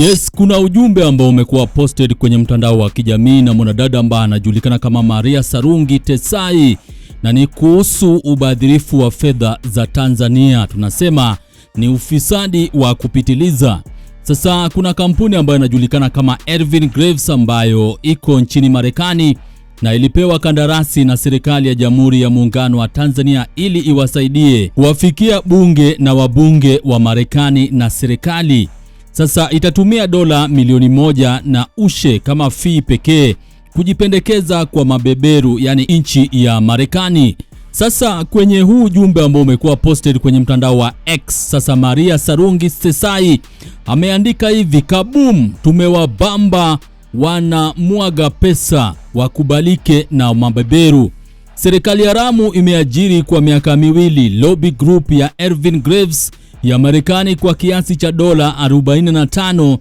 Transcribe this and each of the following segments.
Yes, kuna ujumbe ambao umekuwa posted kwenye mtandao wa kijamii na mwanadada ambaye anajulikana kama Maria Sarungi Tesai na ni kuhusu ubadhirifu wa fedha za Tanzania. Tunasema ni ufisadi wa kupitiliza. Sasa kuna kampuni ambayo inajulikana kama Ervin Graves ambayo iko nchini Marekani na ilipewa kandarasi na serikali ya Jamhuri ya Muungano wa Tanzania ili iwasaidie kuwafikia bunge na wabunge wa Marekani na serikali sasa itatumia dola milioni moja na ushe kama fii pekee kujipendekeza kwa mabeberu, yani nchi ya Marekani. Sasa kwenye huu ujumbe ambao umekuwa posted kwenye mtandao wa X, sasa Maria Sarungi Sesai ameandika hivi: kabum, tumewabamba wanamwaga pesa, wakubalike na mabeberu. Serikali haramu imeajiri kwa miaka miwili lobby group ya Ervin Graves ya Marekani kwa kiasi cha dola 45,000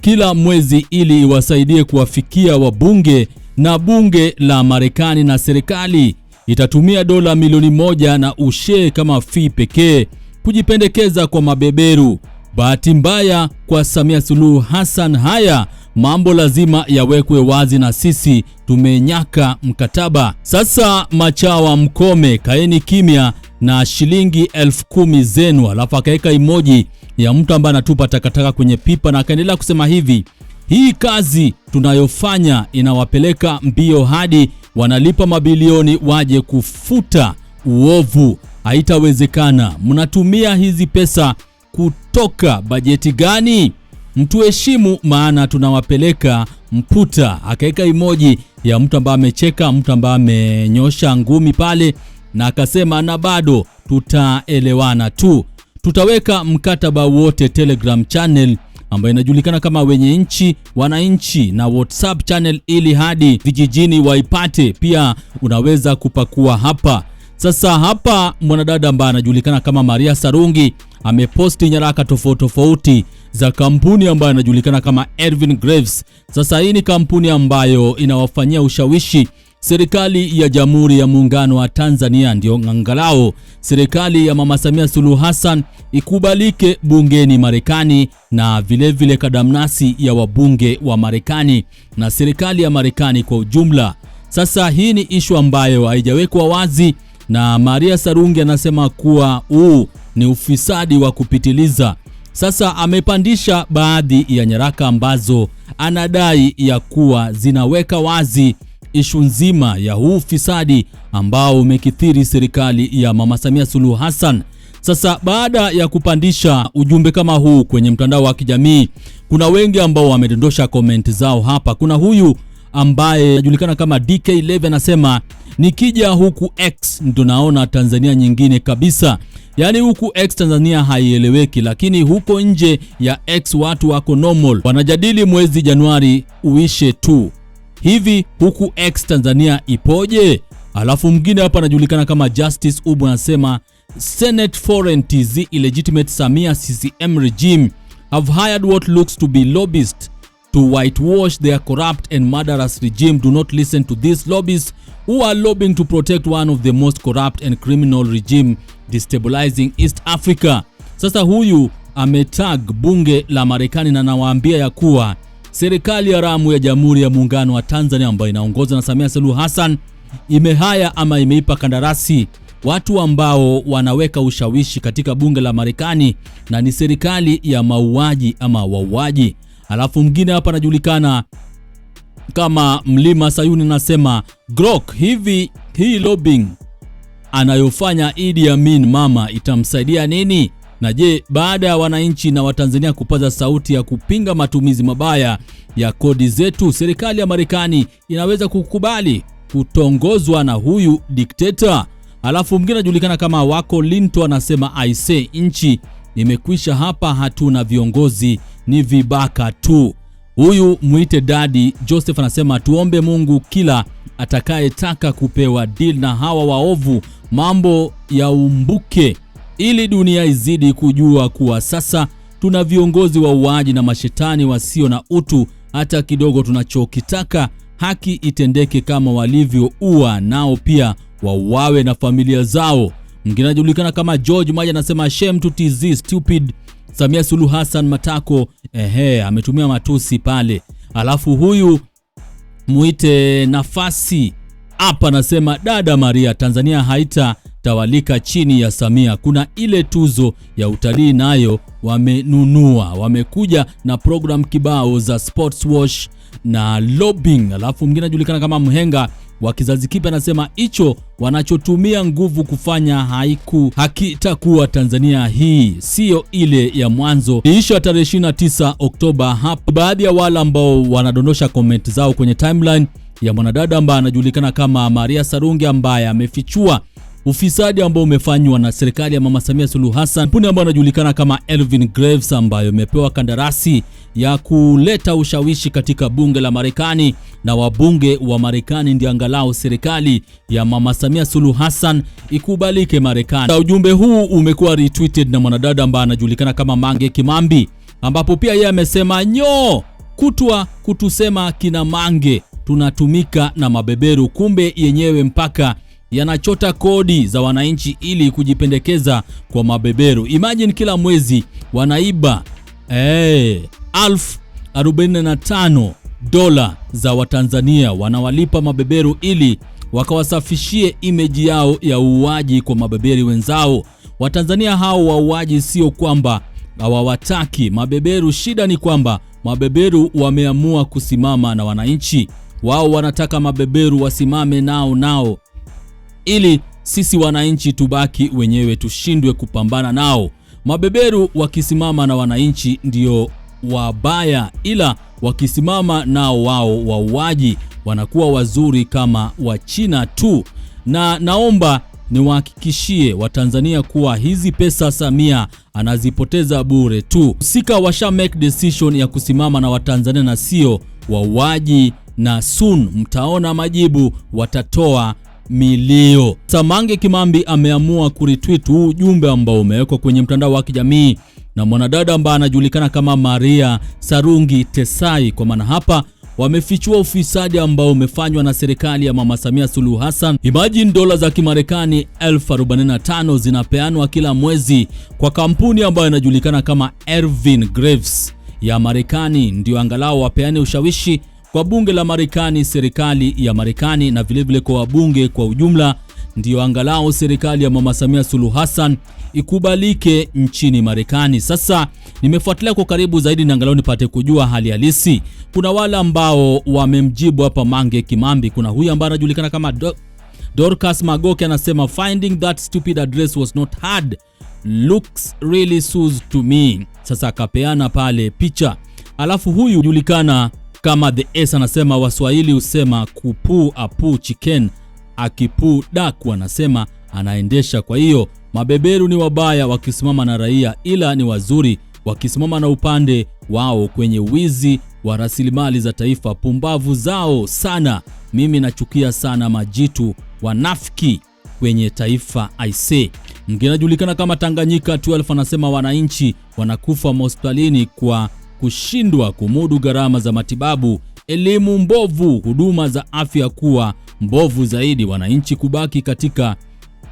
kila mwezi ili iwasaidie kuwafikia wabunge na bunge la Marekani na serikali itatumia dola milioni moja na ushe kama fee pekee kujipendekeza kwa mabeberu. Bahati mbaya kwa Samia Suluhu Hassan, haya mambo lazima yawekwe wazi na sisi tumenyaka mkataba. Sasa machawa, mkome, kaeni kimya na shilingi elfu kumi zenu. Alafu akaweka emoji ya mtu ambaye anatupa takataka kwenye pipa na akaendelea kusema hivi, hii kazi tunayofanya inawapeleka mbio hadi wanalipa mabilioni waje kufuta uovu. Haitawezekana. Mnatumia hizi pesa kutoka bajeti gani? mtuheshimu maana tunawapeleka mputa. Akaweka emoji ya mtu ambaye amecheka, mtu ambaye amenyosha ngumi pale, na akasema na bado tutaelewana tu, tutaweka mkataba wote Telegram channel ambayo inajulikana kama wenye nchi wananchi na WhatsApp channel ili hadi vijijini waipate. Pia unaweza kupakua hapa sasa. Hapa mwanadada ambaye anajulikana kama Maria Sarungi ameposti nyaraka tofauti tofauti za kampuni ambayo inajulikana kama Ervin Graves. Sasa hii ni kampuni ambayo inawafanyia ushawishi serikali ya Jamhuri ya Muungano wa Tanzania, ndio angalau serikali ya Mama Samia Suluhu Hassan ikubalike bungeni Marekani, na vilevile vile kadamnasi ya wabunge wa Marekani na serikali ya Marekani kwa ujumla. Sasa hii ni ishu ambayo haijawekwa wazi, na Maria Sarungi anasema kuwa huu ni ufisadi wa kupitiliza sasa amepandisha baadhi ya nyaraka ambazo anadai ya kuwa zinaweka wazi ishu nzima ya huu ufisadi ambao umekithiri serikali ya Mama Samia Suluhu Hassan. Sasa baada ya kupandisha ujumbe kama huu kwenye mtandao wa kijamii, kuna wengi ambao wamedondosha komenti zao hapa. Kuna huyu ambaye anajulikana kama DK11 anasema nikija huku X ndo naona Tanzania nyingine kabisa. Yaani huku X Tanzania haieleweki, lakini huko nje ya X watu wako normal, wanajadili mwezi Januari uishe tu. Hivi huku X Tanzania ipoje? Alafu mwingine hapa anajulikana kama Justice Ubu anasema Senate Foreign TZ illegitimate Samia CCM regime have hired what looks to be lobbyists to whitewash their corrupt and murderous regime do not listen to these lobbies who are lobbying to protect one of the most corrupt and criminal regime destabilizing East Africa. Sasa huyu ametag bunge la Marekani na anawaambia ya kuwa serikali haramu ya Jamhuri ya Muungano wa Tanzania ambayo inaongozwa na Samia Suluhu Hassan imehaya ama imeipa kandarasi watu ambao wanaweka ushawishi katika bunge la Marekani na ni serikali ya mauaji ama wauaji. Alafu mwingine hapa anajulikana kama Mlima Sayuni anasema Grok, hivi hii lobbying anayofanya Idi Amin mama itamsaidia nini? Na je, baada ya wananchi na Watanzania kupaza sauti ya kupinga matumizi mabaya ya kodi zetu, serikali ya Marekani inaweza kukubali kutongozwa na huyu dikteta? Alafu mwingine anajulikana kama Wako Linto anasema aise, nchi Nimekwisha hapa, hatuna viongozi, ni vibaka tu. Huyu mwite dadi Joseph anasema tuombe Mungu kila atakayetaka kupewa deal na hawa waovu mambo yaumbuke, ili dunia izidi kujua kuwa sasa tuna viongozi wa uaji na mashetani wasio na utu hata kidogo. Tunachokitaka haki itendeke, kama walivyoua nao pia wauawe na familia zao. Mwingine anajulikana kama George Maja anasema shame to TZ stupid Samia Suluhu Hassan matako. Ehe, ametumia matusi pale. Alafu huyu muite nafasi hapa anasema dada Maria, Tanzania haitatawalika chini ya Samia. Kuna ile tuzo ya utalii nayo wamenunua, wamekuja na program kibao za sports wash na lobbying. Alafu mwingine anajulikana kama mhenga wa kizazi kipya anasema hicho wanachotumia nguvu kufanya haiku hakitakuwa Tanzania hii, siyo ile ya mwanzo. Iisha tarehe 29 Oktoba. Hapa baadhi ya wale ambao wanadondosha komenti zao kwenye timeline ya mwanadada ambaye anajulikana kama Maria Sarungi ambaye amefichua ufisadi ambao umefanywa na serikali ya Mama Samia Suluhu Hassan, kampuni ambayo anajulikana kama Elvin Graves ambayo imepewa kandarasi ya kuleta ushawishi katika bunge la Marekani na wabunge wa Marekani ndio angalau serikali ya Mama Samia Suluhu Hassan ikubalike Marekani. Ujumbe huu umekuwa retweeted na mwanadada ambaye anajulikana kama Mange Kimambi, ambapo pia yeye amesema nyoo kutwa kutusema kina Mange tunatumika na mabeberu, kumbe yenyewe mpaka yanachota kodi za wananchi ili kujipendekeza kwa mabeberu. Imagine kila mwezi wanaiba hey, elfu 45 dola za Watanzania wanawalipa mabeberu ili wakawasafishie imeji yao ya uuaji kwa mabeberi wenzao. Watanzania hao wauaji sio kwamba hawawataki mabeberu, shida ni kwamba mabeberu wameamua kusimama na wananchi wao, wanataka mabeberu wasimame nao nao ili sisi wananchi tubaki wenyewe, tushindwe kupambana nao. Mabeberu wakisimama na wananchi ndio wabaya, ila wakisimama nao wao wauaji wanakuwa wazuri kama Wachina tu. Na naomba niwahakikishie Watanzania kuwa hizi pesa Samia anazipoteza bure tu. Husika washa make decision ya kusimama na Watanzania na sio wauaji, na soon mtaona majibu watatoa milio. Samange Kimambi ameamua kuritweet huu ujumbe ambao umewekwa kwenye mtandao wa kijamii na mwanadada ambaye anajulikana kama Maria Sarungi Tesai. Kwa maana hapa wamefichua ufisadi ambao umefanywa na serikali ya Mama Samia Suluhu Hassan. Imagine dola za Kimarekani 1045 45 zinapeanwa kila mwezi kwa kampuni ambayo inajulikana kama Ervin Graves ya Marekani, ndio angalau wapeane ushawishi kwa bunge la Marekani, serikali ya Marekani na vilevile kwa wabunge kwa ujumla, ndiyo angalau serikali ya Mama Samia Suluhu Hassan ikubalike nchini Marekani. Sasa nimefuatilia kwa karibu zaidi na angalau nipate kujua hali halisi. Kuna wale ambao wamemjibu hapa Mange Kimambi. Kuna huyu ambaye anajulikana kama Do Dorcas Magoke anasema finding that stupid address was not hard looks really sus to me. Sasa akapeana pale picha, alafu huyu julikana kama The Ace anasema Waswahili husema kupuu apu chicken, akipuu daku anasema anaendesha. Kwa hiyo mabeberu ni wabaya wakisimama na raia, ila ni wazuri wakisimama na upande wao kwenye wizi wa rasilimali za taifa. Pumbavu zao sana, mimi nachukia sana majitu wanafiki kwenye taifa aise. Mgine anajulikana kama Tanganyika 12 anasema wananchi wanakufa mahospitalini kwa kushindwa kumudu gharama za matibabu, elimu mbovu, huduma za afya kuwa mbovu zaidi, wananchi kubaki katika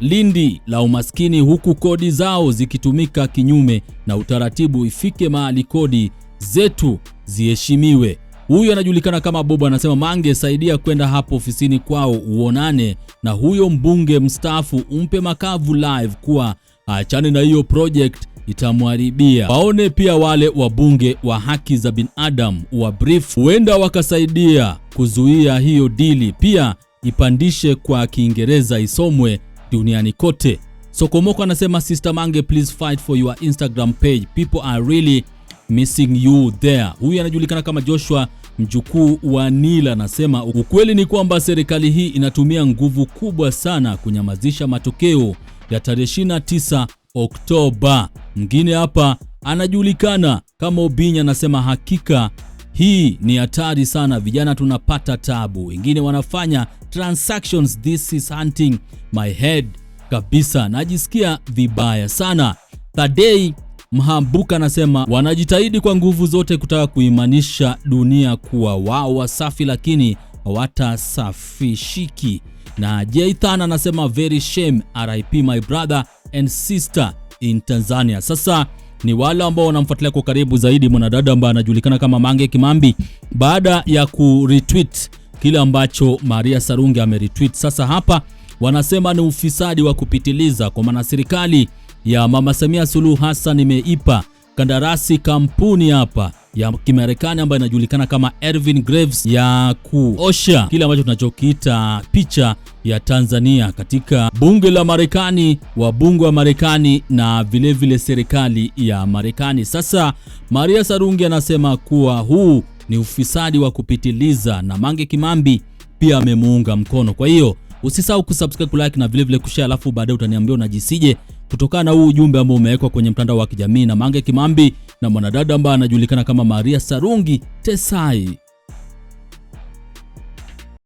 lindi la umaskini, huku kodi zao zikitumika kinyume na utaratibu. Ifike mahali kodi zetu ziheshimiwe. Huyu anajulikana kama Bobo, anasema Mange, saidia kwenda hapo ofisini kwao uonane na huyo mbunge mstaafu, umpe makavu live kuwa achane na hiyo project itamwharibia. Waone pia wale wabunge wa haki za binadamu wa brief, huenda wakasaidia kuzuia hiyo dili, pia ipandishe kwa Kiingereza isomwe duniani kote. Sokomoko anasema Sister Mange, please fight for your Instagram page, people are really missing you there. Huyu anajulikana kama Joshua mjukuu wa Nila anasema ukweli ni kwamba serikali hii inatumia nguvu kubwa sana kunyamazisha matokeo ya tarehe 29 Oktoba. Mwingine hapa anajulikana kama Obinya, anasema hakika hii ni hatari sana, vijana tunapata tabu. Wengine wanafanya transactions, this is hunting my head kabisa, najisikia vibaya sana. Thadei Mhambuka anasema wanajitahidi kwa nguvu zote kutaka kuimanisha dunia kuwa wao wasafi, lakini watasafishiki Na Jathan anasema very shame, RIP my brother and sister in Tanzania. Sasa ni wale ambao wanamfuatilia kwa karibu zaidi mwanadada ambaye anajulikana kama Mange Kimambi, baada ya kuretweet kile ambacho Maria Sarungi ameretweet. Sasa hapa wanasema ni ufisadi wa kupitiliza, kwa maana serikali ya Mama Samia Suluhu Hassan imeipa kandarasi kampuni hapa ya Kimarekani ambayo inajulikana kama Ervin Graves ya kuosha kile ambacho tunachokiita picha ya Tanzania katika bunge la Marekani, wabunge wa Marekani na vilevile vile serikali ya Marekani. Sasa Maria Sarungi anasema kuwa huu ni ufisadi wa kupitiliza na Mange Kimambi pia amemuunga mkono. Kwa hiyo usisahau kusubscribe, kulike na vilevile kushare, alafu baadaye utaniambia unajisije kutokana na huu ujumbe ambao umewekwa kwenye mtandao wa kijamii na Mange Kimambi na mwanadada ambaye anajulikana kama Maria Sarungi Tesai.